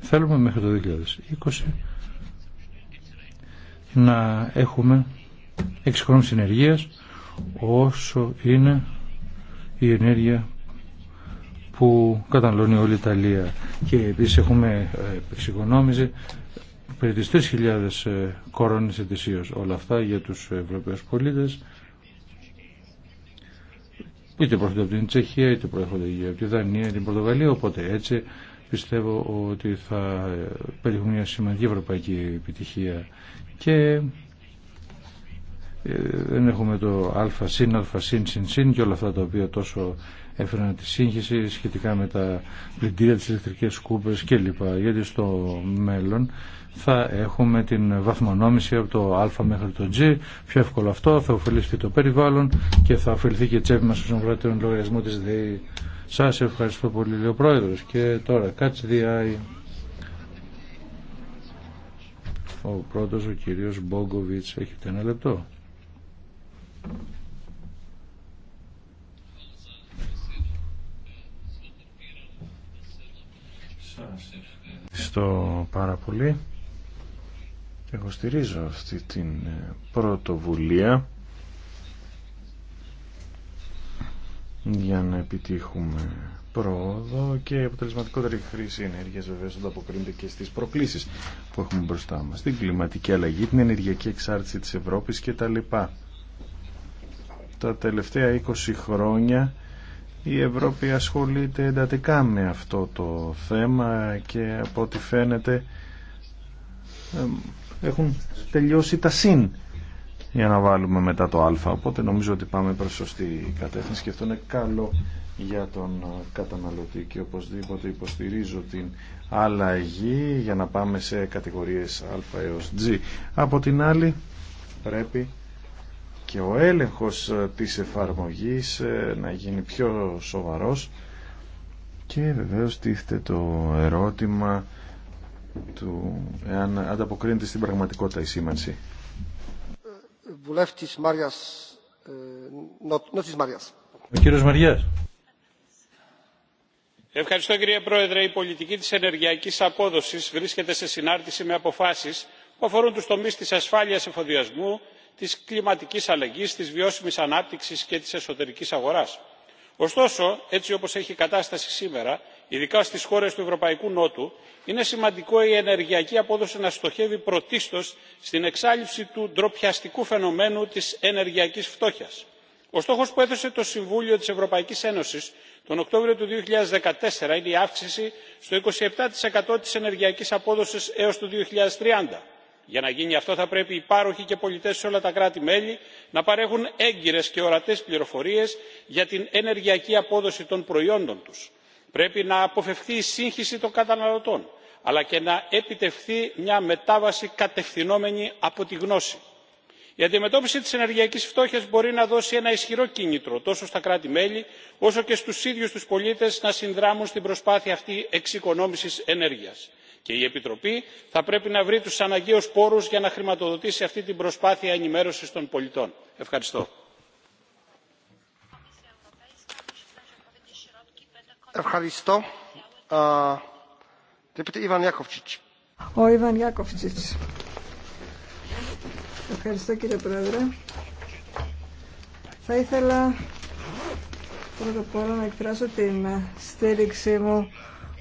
Θέλουμε μέχρι το 2020 να έχουμε εξοικονόμηση ενεργείας όσο είναι η ενέργεια που καταναλώνει όλη η Ιταλία και επίσης έχουμε ε, εξοικονόμηση περί τις 3.000 ε, κορώνες ετησίως. Όλα αυτά για τους Ευρωπαίους πολίτες είτε προέρχονται από την Τσεχία, είτε προέρχονται από τη Δανία, την Πορτογαλία, οπότε έτσι πιστεύω ότι θα ε, πετύχουν μια σημαντική ευρωπαϊκή επιτυχία και ε, δεν έχουμε το α, συν, α, συν, συν, συν και όλα αυτά τα οποία τόσο έφεραν τη σύγχυση σχετικά με τα πλυντήρια, της ηλεκτρικές σκούπες κλπ. Γιατί στο μέλλον θα έχουμε την βαθμονόμηση από το α μέχρι το g, πιο εύκολο αυτό, θα ωφεληθεί το περιβάλλον και θα ωφεληθεί και η τσέπη μας στον πρώτο λογαριασμό της ΔΕΗ. Σας ευχαριστώ πολύ, λέει ο Και τώρα, κάτσε διάει ο πρώτος, ο κύριος Μπόγκοβιτς, έχετε ένα λεπτό. Σας ευχαριστώ πάρα πολύ. Εγώ στηρίζω αυτή την ε, πρωτοβουλία για να επιτύχουμε πρόοδο και αποτελεσματικότερη χρήση ενέργειας βεβαίως αποκρίνεται και στις προκλήσεις που έχουμε μπροστά μας την κλιματική αλλαγή, την ενεργειακή εξάρτηση της Ευρώπης και τα λοιπά τα τελευταία 20 χρόνια η Ευρώπη ασχολείται εντατικά με αυτό το θέμα και από ό,τι φαίνεται έχουν τελειώσει τα συν για να βάλουμε μετά το α. Οπότε νομίζω ότι πάμε προς σωστή κατεύθυνση και αυτό είναι καλό για τον καταναλωτή και οπωσδήποτε υποστηρίζω την αλλαγή για να πάμε σε κατηγορίες α έως g. Από την άλλη πρέπει και ο έλεγχος της εφαρμογής ε, να γίνει πιο σοβαρός και βεβαίως τίθεται το ερώτημα του εάν ανταποκρίνεται στην πραγματικότητα η σήμανση. Βουλεύτης ε, Μάριας, Μάριας. Ο κύριος Μαριάς. Ευχαριστώ κύριε Πρόεδρε. Η πολιτική της ενεργειακής απόδοσης βρίσκεται σε συνάρτηση με αποφάσεις που αφορούν τους τομείς της ασφάλειας εφοδιασμού, της κλιματικής αλλαγής, της βιώσιμης ανάπτυξης και της εσωτερικής αγοράς. Ωστόσο, έτσι όπως έχει η κατάσταση σήμερα, ειδικά στις χώρες του ευρωπαϊκού νότου είναι σημαντικό η ενεργειακή απόδοση να στοχεύει πρωτίστως στην εξάλληψη του ντροπιαστικού φαινομένου της ενεργειακής φτώχειας. ο στόχος που έθεσε το συμβούλιο της ευρωπαϊκής ένωσης τον οκτώβριο του 2014 είναι η αύξηση στο 27% της ενεργειακής απόδοσης έως το 2030. Για να γίνει αυτό θα πρέπει οι πάροχοι και πολιτές σε όλα τα κράτη-μέλη να παρέχουν έγκυρες και ορατέ πληροφορίες για την ενεργειακή απόδοση των προϊόντων τους πρέπει να αποφευχθεί η σύγχυση των καταναλωτών αλλά και να επιτευχθεί μια μετάβαση κατευθυνόμενη από τη γνώση. η αντιμετώπιση της ενεργειακής φτώχειας μπορεί να δώσει ένα ισχυρό κίνητρο τόσο στα κράτη μέλη όσο και στους ίδιους τους πολίτες να συνδράμουν στην προσπάθεια αυτή εξοικονόμησης ενέργειας και η επιτροπή θα πρέπει να βρει τους αναγκαίους πόρους για να χρηματοδοτήσει αυτή την προσπάθεια ενημέρωσης των πολιτών. ευχαριστώ. Ευχαριστώ. Ο Ιβαν Ιάκοφτσιτς. Ευχαριστώ κύριε Πρόεδρε. Θα ήθελα πρώτα απ' όλα να εκφράσω την στήριξή μου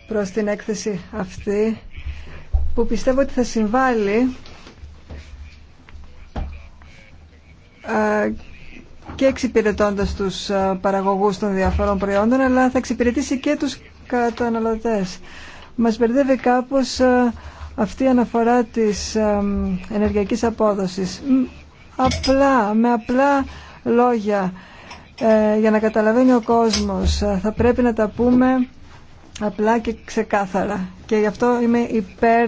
προς την έκθεση αυτή που πιστεύω ότι θα συμβάλλει και εξυπηρετώντας τους ε, παραγωγούς των διαφόρων προϊόντων αλλά θα εξυπηρετήσει και τους καταναλωτές. Μας μπερδεύει κάπως ε, αυτή η αναφορά της ε, ενεργειακής απόδοσης. Απλά, με απλά λόγια για να καταλαβαίνει ο κόσμος θα πρέπει να τα πούμε απλά και ξεκάθαρα και γι' αυτό είμαι υπέρ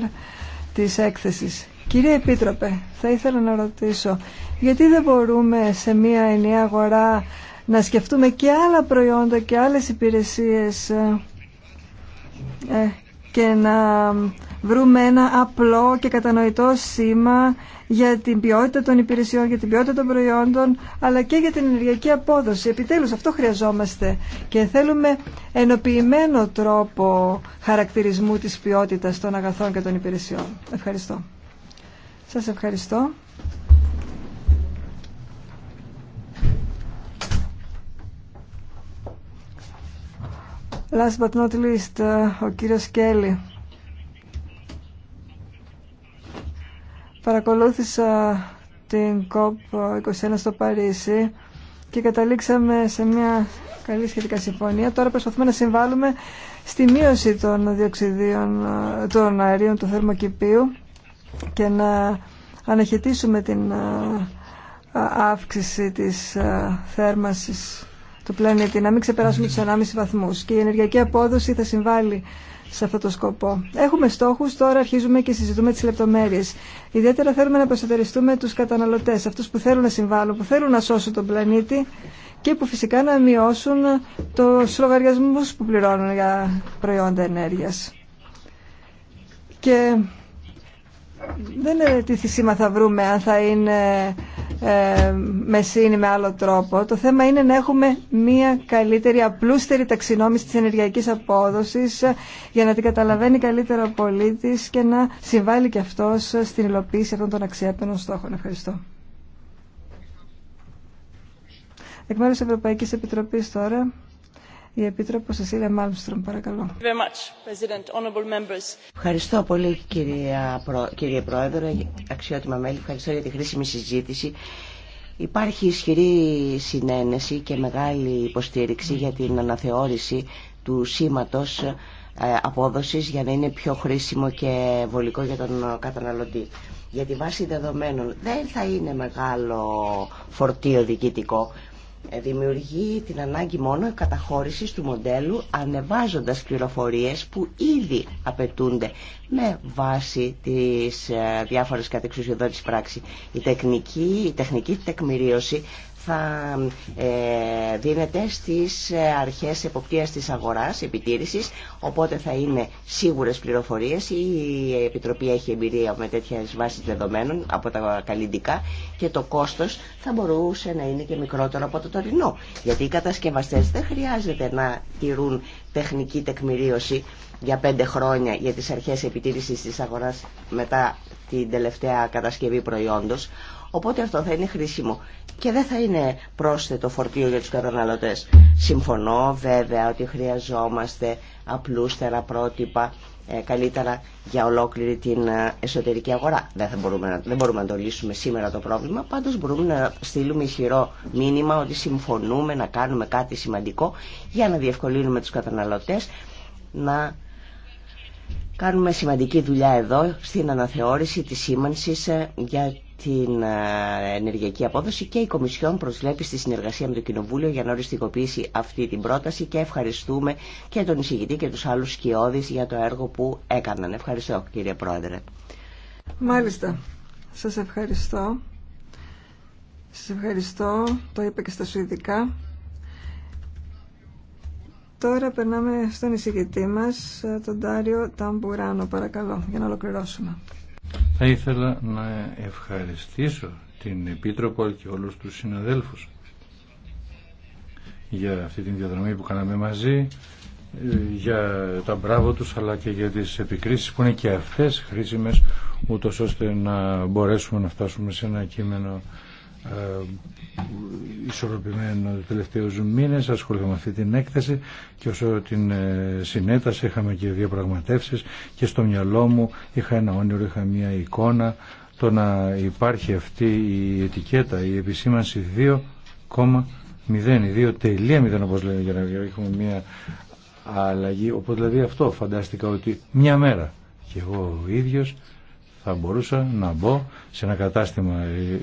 της έκθεσης. Κύριε Επίτροπε, θα ήθελα να ρωτήσω, γιατί δεν μπορούμε σε μια ενιαία αγορά να σκεφτούμε και άλλα προϊόντα και άλλες υπηρεσίες ε, και να βρούμε ένα απλό και κατανοητό σήμα για την ποιότητα των υπηρεσιών, για την ποιότητα των προϊόντων, αλλά και για την ενεργειακή απόδοση. Επιτέλους αυτό χρειαζόμαστε και θέλουμε ενοποιημένο τρόπο χαρακτηρισμού της ποιότητας των αγαθών και των υπηρεσιών. Ευχαριστώ. Σας ευχαριστώ. Last but not least, ο κύριος Κέλλη. Παρακολούθησα την COP21 στο Παρίσι και καταλήξαμε σε μια καλή σχετικά συμφωνία. Τώρα προσπαθούμε να συμβάλλουμε στη μείωση των διοξιδίων των αερίων του θερμοκηπίου και να αναχαιτήσουμε την ε, αύξηση της ε, θέρμασης του πλανήτη, να μην ξεπεράσουμε τους 1,5 βαθμούς. Και η ενεργειακή απόδοση θα συμβάλλει σε αυτό το σκοπό. Έχουμε στόχους, τώρα αρχίζουμε και συζητούμε τις λεπτομέρειες. Ιδιαίτερα θέλουμε να προστατεριστούμε τους καταναλωτές, αυτούς που θέλουν να συμβάλλουν, που θέλουν να σώσουν τον πλανήτη και που φυσικά να μειώσουν τους λογαριασμούς που πληρώνουν για προϊόντα ενέργειας. Και δεν είναι τι θυσίμα θα βρούμε αν θα είναι ε, μεσίνη με άλλο τρόπο. Το θέμα είναι να έχουμε μια καλύτερη, απλούστερη ταξινόμηση της ενεργειακής απόδοσης ε, για να την καταλαβαίνει καλύτερα ο πολίτης και να συμβάλλει και αυτός στην υλοποίηση αυτών των αξιέπαινων στόχων. Ευχαριστώ. Εκ μέρους Ευρωπαϊκής Επιτροπής τώρα, η Επίτροπο Σεσίλια Μάλμστρομ, παρακαλώ. Ευχαριστώ πολύ κύριε Πρόεδρε, αξιότιμα μέλη. Ευχαριστώ για τη χρήσιμη συζήτηση. Υπάρχει ισχυρή συνένεση και μεγάλη υποστήριξη για την αναθεώρηση του σήματος ε, απόδοσης για να είναι πιο χρήσιμο και βολικό για τον καταναλωτή. Για τη βάση δεδομένων δεν θα είναι μεγάλο φορτίο διοικητικό. Ε, δημιουργεί την ανάγκη μόνο καταχώρησης του μοντέλου ανεβάζοντας πληροφορίες που ήδη απαιτούνται με βάση τις ε, διάφορες κατεξουσιοδότης πράξη. Η τεχνική, η τεχνική τεκμηρίωση θα ε, δίνεται στις ε, αρχές εποπτείας της αγοράς, επιτήρησης, οπότε θα είναι σίγουρες πληροφορίες. Η Επιτροπή έχει εμπειρία με τέτοιες βάσεις δεδομένων από τα καλλιντικά και το κόστος θα μπορούσε να είναι και μικρότερο από το τωρινό. Γιατί οι κατασκευαστές δεν χρειάζεται να τηρούν τεχνική τεκμηρίωση για πέντε χρόνια για τις αρχές επιτήρησης της αγοράς μετά την τελευταία κατασκευή προϊόντος. Οπότε αυτό θα είναι χρήσιμο και δεν θα είναι πρόσθετο φορτίο για τους καταναλωτές. Συμφωνώ βέβαια ότι χρειαζόμαστε απλούστερα πρότυπα ε, καλύτερα για ολόκληρη την ε, εσωτερική αγορά. Δεν, θα μπορούμε να, δεν μπορούμε να το λύσουμε σήμερα το πρόβλημα, πάντως μπορούμε να στείλουμε ισχυρό μήνυμα ότι συμφωνούμε να κάνουμε κάτι σημαντικό για να διευκολύνουμε τους καταναλωτές να κάνουμε σημαντική δουλειά εδώ στην αναθεώρηση της σήμανσης ε, για την ε, ενεργειακή απόδοση και η Κομισιόν προσβλέπει στη συνεργασία με το Κοινοβούλιο για να οριστικοποιήσει αυτή την πρόταση και ευχαριστούμε και τον εισηγητή και τους άλλους σκιώδεις για το έργο που έκαναν. Ευχαριστώ κύριε Πρόεδρε. Μάλιστα. Σας ευχαριστώ. Σας ευχαριστώ. Το είπα και στα Σουηδικά. Τώρα περνάμε στον εισηγητή μας, τον Τάριο Ταμπουράνο, παρακαλώ, για να ολοκληρώσουμε. Θα ήθελα να ευχαριστήσω την Επίτροπο και όλους τους συναδέλφους για αυτή την διαδρομή που κάναμε μαζί, για τα μπράβο τους αλλά και για τις επικρίσεις που είναι και αυτές χρήσιμες ούτως ώστε να μπορέσουμε να φτάσουμε σε ένα κείμενο ε, ισορροπημένο τελευταίου μήνες Ασχολούμαι με αυτή την έκθεση και όσο την ε, συνέτασα είχαμε και διαπραγματεύσεις και στο μυαλό μου είχα ένα όνειρο, είχα μια εικόνα το να υπάρχει αυτή η ετικέτα, η επισήμανση 2,0 2,0 όπως λέμε για να έχουμε μια αλλαγή οπότε δηλαδή αυτό φαντάστηκα ότι μια μέρα και εγώ ο ίδιος θα μπορούσα να μπω σε ένα κατάστημα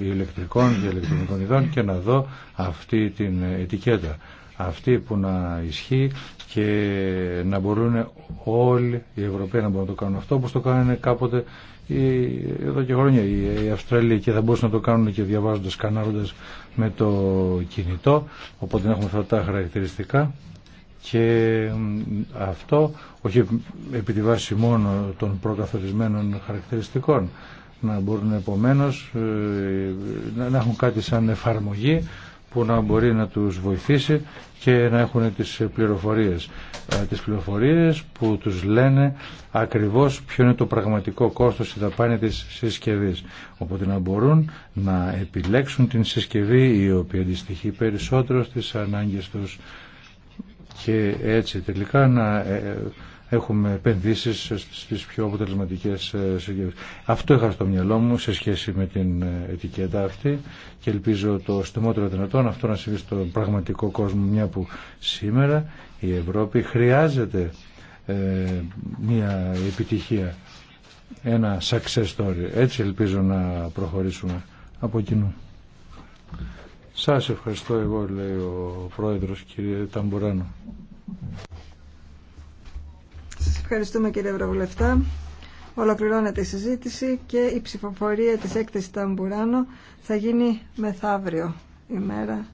ηλεκτρικών και ηλεκτρονικών ειδών και να δω αυτή την ετικέτα. Αυτή που να ισχύει και να μπορούν όλοι οι Ευρωπαίοι να μπορούν να το κάνουν αυτό όπως το κάνανε κάποτε εδώ και χρόνια οι, οι Αυστραλοί και θα μπορούσαν να το κάνουν και διαβάζοντας, σκανάροντας με το κινητό οπότε έχουμε αυτά τα χαρακτηριστικά και αυτό όχι επί τη βάση μόνο των προκαθορισμένων χαρακτηριστικών να μπορούν επομένως ε, να έχουν κάτι σαν εφαρμογή που να μπορεί να τους βοηθήσει και να έχουν τις πληροφορίες. Ε, τις πληροφορίες που τους λένε ακριβώς ποιο είναι το πραγματικό κόστος η δαπάνη της συσκευής. Οπότε να μπορούν να επιλέξουν την συσκευή η οποία αντιστοιχεί περισσότερο στις ανάγκες τους και έτσι τελικά να ε, ε, έχουμε επενδύσει στις πιο αποτελεσματικές ε, συγκεκριμένες. Αυτό είχα στο μυαλό μου σε σχέση με την ετικέτα αυτή και ελπίζω το στιμότερο δυνατόν αυτό να συμβεί στον πραγματικό κόσμο μια που σήμερα η Ευρώπη χρειάζεται μια επιτυχία ένα success story. Έτσι ελπίζω να προχωρήσουμε από κοινού. Σας ευχαριστώ εγώ, λέει ο πρόεδρος, κύριε Ταμπουράνο. Σας ευχαριστούμε κύριε Ευρωβουλευτά. Ολοκληρώνεται η συζήτηση και η ψηφοφορία της έκθεσης Ταμπουράνο θα γίνει μεθαύριο ημέρα.